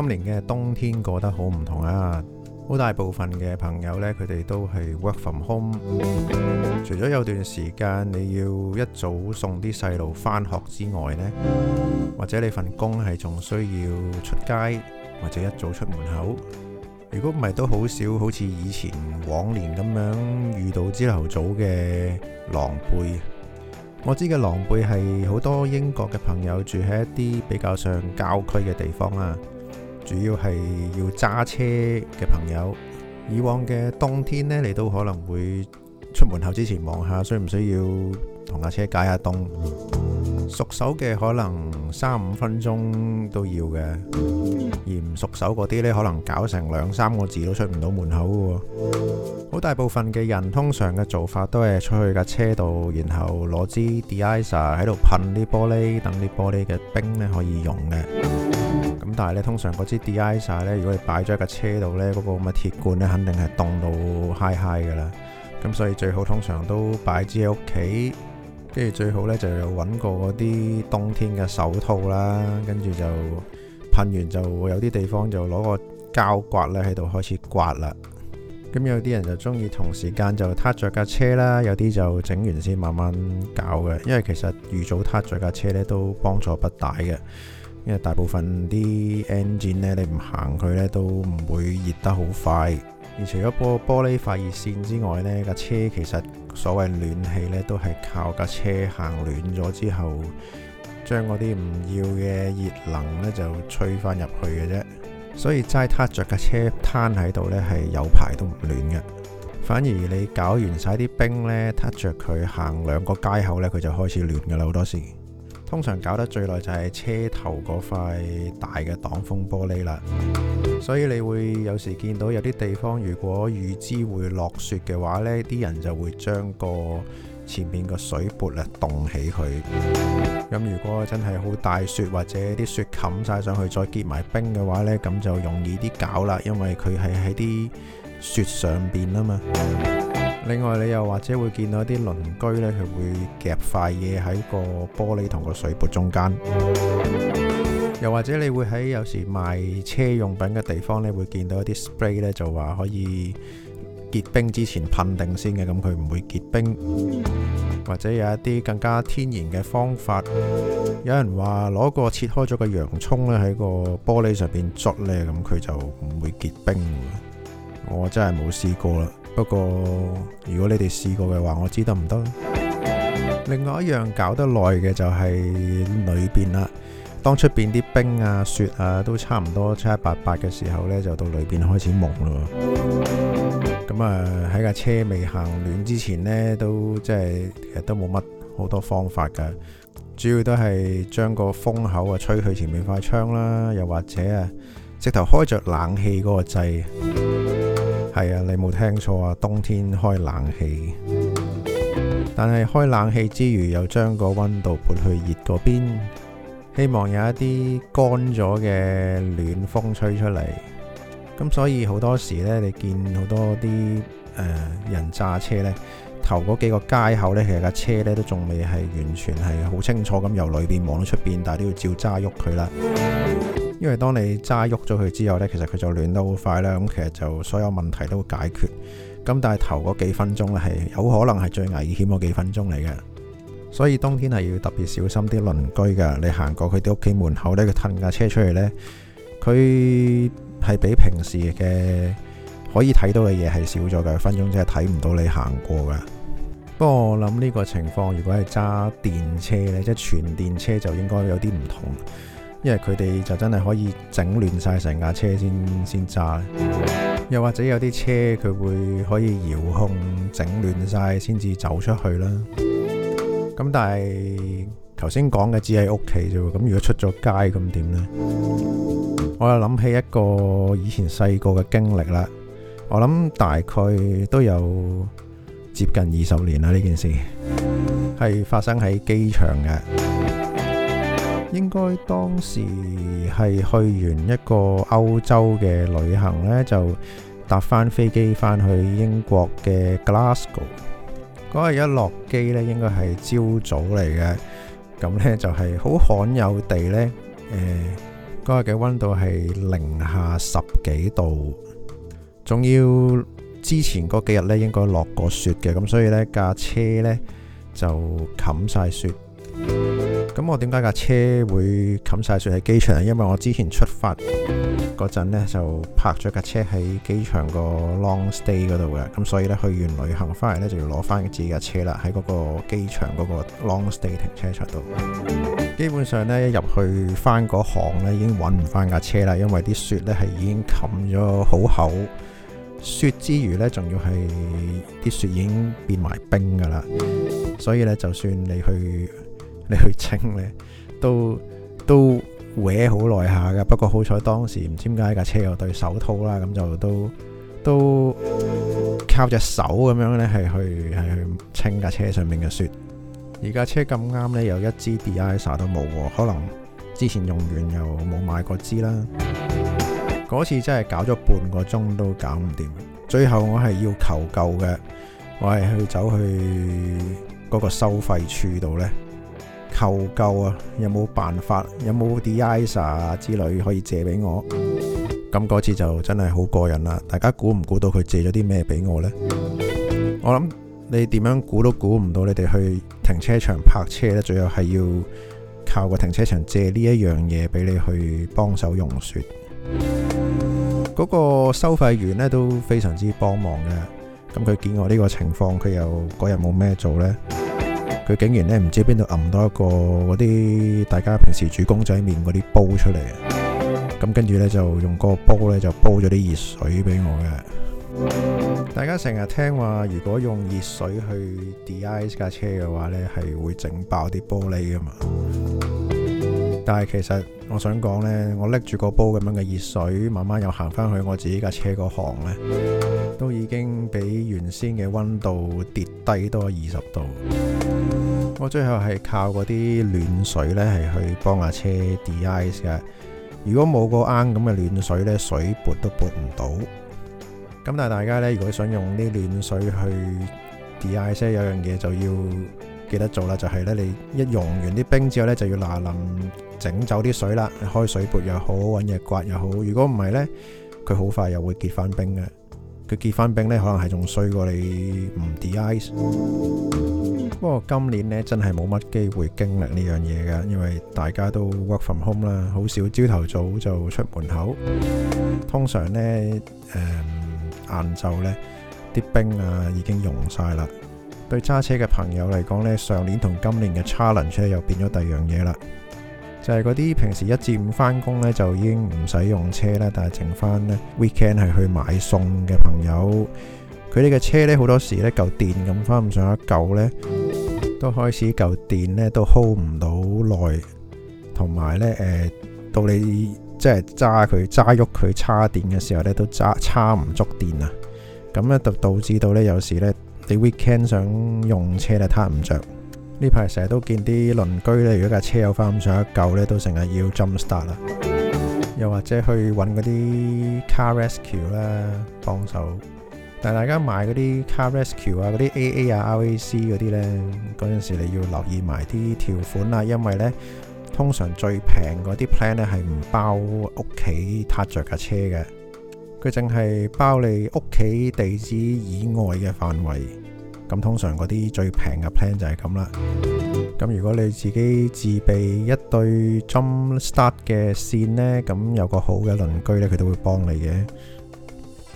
今年嘅冬天過得好唔同啊！好大部分嘅朋友呢，佢哋都係 work from home。除咗有段時間你要一早送啲細路返學之外呢，或者你份工係仲需要出街，或者一早出門口。如果唔係，都好少好似以前往年咁樣遇到朝頭早嘅狼狽。我知嘅狼狽係好多英國嘅朋友住喺一啲比較上郊區嘅地方啊。主要係要揸車嘅朋友，以往嘅冬天呢，你都可能會出門口之前望下，需唔需要同架車解下凍？熟手嘅可能三五分鐘都要嘅，而唔熟手嗰啲呢，可能搞成兩三個字都出唔到門口喎。好大部分嘅人通常嘅做法都係出去架車度，然後攞支 de-icer 喺度噴啲玻璃，等啲玻璃嘅冰可以用嘅。咁但係咧，通常嗰支 de-icer 咧，如果你擺咗喺一架車度咧，嗰個咁嘅鐵罐咧，肯定係凍到嗨嗨噶啦。咁所以最好通常都擺支喺屋企，跟住最好咧就有揾個嗰啲冬天嘅手套啦，跟住就噴完就有啲地方就攞個膠刮咧喺度開始刮啦。咁有啲人就中意同時間就撻着架車啦，有啲就整完先慢慢搞嘅，因為其實預早撻着架車咧都幫助不大嘅。因為大部分啲 engine 你唔行佢咧，都唔會熱得好快。而除咗玻玻璃發熱線之外呢，架車其實所謂暖氣咧，都係靠架車行暖咗之後，將嗰啲唔要嘅熱能咧就吹翻入去嘅啫。所以齋撻着架車癱喺度咧，係有排都唔暖嘅。反而你搞完晒啲冰呢，撻着佢行兩個街口呢，佢就開始暖噶啦，好多時。通常搞得最耐就係車頭嗰塊大嘅擋風玻璃啦，所以你會有時見到有啲地方，如果預知會落雪嘅話呢，啲人就會將個前面個水撥啊凍起佢。咁如果真係好大雪或者啲雪冚晒上去，再結埋冰嘅話呢，咁就容易啲搞啦，因為佢係喺啲雪上邊啊嘛。另外，你又或者會見到一啲鄰居呢，佢會夾塊嘢，喺個玻璃同個水撥中間。又或者你會喺有時賣車用品嘅地方呢，會見到一啲 spray 咧，就話可以結冰之前噴定先嘅，咁佢唔會結冰。或者有一啲更加天然嘅方法，有人話攞個切開咗嘅洋葱，呢喺個玻璃上邊捽呢，咁佢就唔會結冰。我真係冇試過啦。不過如果你哋試過嘅話，我知得唔得。另外一樣搞得耐嘅就係裏邊啦。當出邊啲冰啊雪啊都差唔多七七八八嘅時候呢，就到裏邊開始矇咯。咁啊，喺架車未行暖之前呢，都即係其實都冇乜好多方法噶。主要都係將個風口啊吹去前面塊窗啦，又或者啊，直頭開着冷氣嗰個掣。係啊，你冇聽錯啊，冬天開冷氣，但係開冷氣之餘又將個溫度撥去熱嗰邊，希望有一啲乾咗嘅暖風吹出嚟。咁所以好多時呢，你見好多啲誒人揸車呢，頭嗰幾個街口呢，其實架車呢都仲未係完全係好清楚咁由裏邊望到出邊，但係都要照揸喐佢啦。因為當你揸喐咗佢之後呢，其實佢就暖得好快咧，咁其實就所有問題都會解決。咁但係頭嗰幾分鐘咧，係有可能係最危險嗰幾分鐘嚟嘅。所以冬天係要特別小心啲鄰居噶。你行過佢啲屋企門口呢，佢褪架車出嚟呢，佢係比平時嘅可以睇到嘅嘢係少咗嘅。分鐘真係睇唔到你行過噶。不過我諗呢個情況，如果係揸電車呢，即係全電車就應該有啲唔同。因為佢哋就真係可以整亂晒成架車先先揸，又或者有啲車佢會可以遙控整亂晒先至走出去啦。咁但係頭先講嘅只係屋企啫喎，咁如果出咗街咁點呢？我又諗起一個以前細個嘅經歷啦。我諗大概都有接近二十年啦，呢件事係發生喺機場嘅。應該當時係去完一個歐洲嘅旅行呢，就搭翻飛機返去英國嘅 Glasgow。嗰日一落機呢，應該係朝早嚟嘅，咁呢就係好罕有地呢，嗰日嘅溫度係零下十幾度，仲要之前嗰幾日呢，應該落過雪嘅，咁所以呢，架車呢就冚晒雪。咁我點解架車會冚晒雪喺機場啊？因為我之前出發嗰陣呢，就泊咗架車喺機場個 long stay 嗰度嘅，咁所以呢，去完旅行翻嚟，呢，就要攞翻自己架車啦，喺嗰個機場嗰個 long stay 停車場度。基本上呢，入去翻嗰行呢已經搵唔翻架車啦，因為啲雪呢係已經冚咗好厚雪之餘呢，仲要係啲雪已經變埋冰噶啦，所以呢，就算你去。你去清咧，都都搵好耐下㗎。不過好彩當時唔知點解架車有對手套啦，咁就都都靠隻手咁樣咧，係去係去清架車上面嘅雪。而架車咁啱咧，有一支 Bia 沙都冇喎，可能之前用完又冇買過支啦。嗰次真係搞咗半個鐘都搞唔掂，最後我係要求救嘅，我係去走去嗰個收費處度咧。求救啊！有冇辦法？有冇啲 de-icer 之類可以借俾我？咁嗰次就真係好過癮啦！大家估唔估到佢借咗啲咩俾我呢？我諗你點樣估都估唔到。你哋去停車場泊車呢，最後係要靠個停車場借呢一樣嘢俾你去幫手用雪。嗰、嗰個收費員呢,都非常之幫忙嘅。咁佢見我呢個情況，佢又嗰日冇咩做呢。佢竟然呢，唔知邊度揞多一個嗰啲大家平時煮公仔麵嗰啲煲出嚟。咁跟住呢，就用個煲呢，就煲咗啲熱水俾我嘅。大家成日聽話，如果用熱水去 de-ice 架車嘅話呢，係會整爆啲玻璃噶嘛？但係其實我想講呢，我拎住個煲咁樣嘅熱水，慢慢又行翻去我自己架車個行呢，都已經比原先嘅溫度跌低多二十度。我最後係靠嗰啲暖水呢，係去幫下車 de ice 嘅。如果冇個啱咁嘅暖水呢，水撥都撥唔到。咁但係大家呢，如果想用啲暖水去 de ice，有樣嘢就要記得做啦，就係呢：你一溶完啲冰之後呢，就要嗱淋整走啲水啦。開水撥又好，揾嘢刮又好。如果唔係呢，佢好快又會結翻冰嘅。佢結翻冰呢，可能係仲衰過你唔 de ice。不過今年咧，真係冇乜機會經歷呢樣嘢嘅，因為大家都 work from home 啦，好少朝頭早就出門口。通常咧，誒、嗯，晏晝咧啲冰啊已經融晒啦。對揸車嘅朋友嚟講咧，上年同今年嘅 challenge 又變咗第二樣嘢啦，就係嗰啲平時一至五返工呢就已經唔使用，用車咧，但係剩翻咧 weekend 係去買餸嘅朋友，佢哋嘅車咧好多時咧嚿電咁翻唔上一舊咧。都開始嚿電咧都 hold 唔到耐，同埋咧誒，到你即係揸佢揸喐佢叉電嘅時候咧，都揸叉唔足電啊！咁咧就導致到咧有時咧你 weekend 想用車咧，撻唔着。呢排成日都見啲鄰居咧，如果架車有翻咁上下舊咧，都成日要 jump start 啦，又或者去揾嗰啲 car rescue 啦，幫手。但大家買嗰啲 Car Rescue 啊、嗰啲 AA 啊、RAC 嗰啲呢，嗰陣時候你要留意埋啲條款啦，因為呢，通常最平嗰啲 plan 呢係唔包屋企塌着架車嘅，佢淨係包你屋企地址以外嘅範圍。咁通常嗰啲最平嘅 plan 就係咁啦。咁如果你自己自備一對 Jump Start 嘅線呢，咁有個好嘅鄰居呢，佢都會幫你嘅。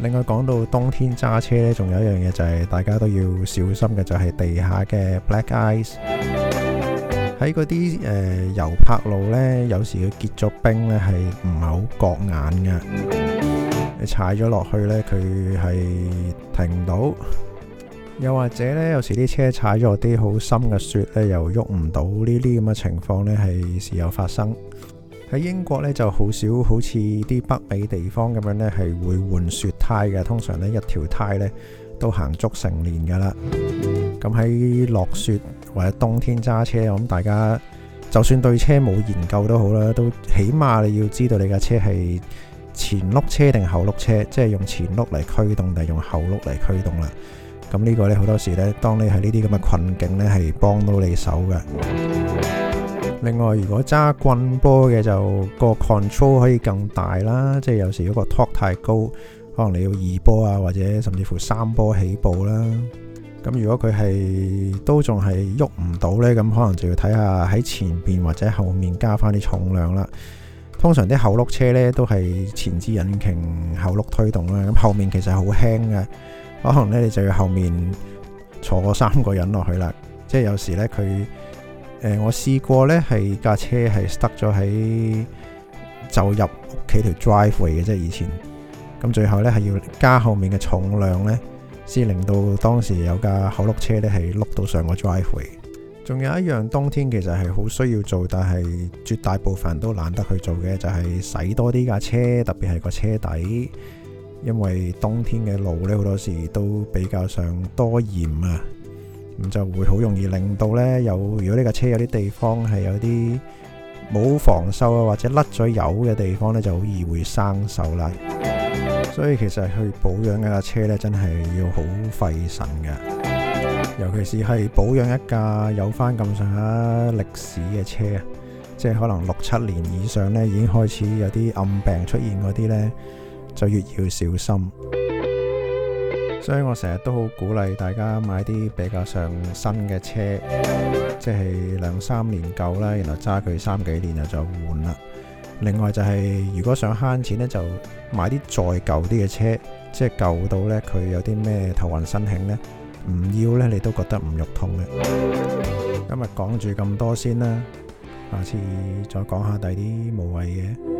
另外講到冬天揸車呢，仲有一樣嘢就係大家都要小心嘅，就係地下嘅 black ice。喺嗰啲誒油柏路呢，有時佢結咗冰呢，係唔係好割眼嘅？你踩咗落去呢，佢係停唔到。又或者呢，有時啲車踩咗啲好深嘅雪呢，又喐唔到。呢啲咁嘅情況呢，係時有發生。喺英國呢，就好少好似啲北美地方咁樣呢，係會換雪胎嘅通常咧，一條胎咧都行足成年噶啦。咁喺落雪或者冬天揸車，我諗大家就算對車冇研究都好啦，都起碼你要知道你架車係前碌車定後碌車，即係用前碌嚟驅動定用後碌嚟驅動啦。咁呢個咧好多時咧，當你喺呢啲咁嘅困境咧係幫到你手嘅。另外，如果揸棍波嘅就個 control 可以更大啦，即係有時嗰個 torque 太高。可能你要二波啊，或者甚至乎三波起步啦。咁如果佢係都仲係喐唔到呢，咁可能就要睇下喺前邊或者後面加翻啲重量啦。通常啲後碌車呢都係前置引擎後碌推動啦。咁後面其實好輕嘅，可能呢你就要後面坐三個人落去啦。即係有時呢，佢誒、呃，我試過呢係架車係 stuck 咗喺就入屋企條 driveway 嘅，即係以前。咁最後呢，係要加後面嘅重量呢，先令到當時有架口碌車呢，係碌到上個 driveway。仲有一樣冬天其實係好需要做，但係絕大部分人都懶得去做嘅，就係洗多啲架車，特別係個車底，因為冬天嘅路呢，好多時都比較上多鹽啊，咁就會好容易令到呢，有如果呢架車有啲地方係有啲冇防鏽啊，或者甩咗油嘅地方呢，就好易會生鏽啦。所以其實去保養一架車呢，真係要好費神㗎。尤其是係保養一架有翻咁上下歷史嘅車，即係可能六七年以上呢已經開始有啲暗病出現嗰啲呢，就越要小心。所以我成日都好鼓勵大家買啲比較上新嘅車，即係兩三年舊啦，然後揸佢三幾年就就換啦。另外就係、是，如果想慳錢呢，就買啲再舊啲嘅車，即係舊到呢，佢有啲咩頭暈身慶呢？唔要呢，你都覺得唔肉痛嘅。 今日講住咁多先啦，下次再講下第啲無謂嘢。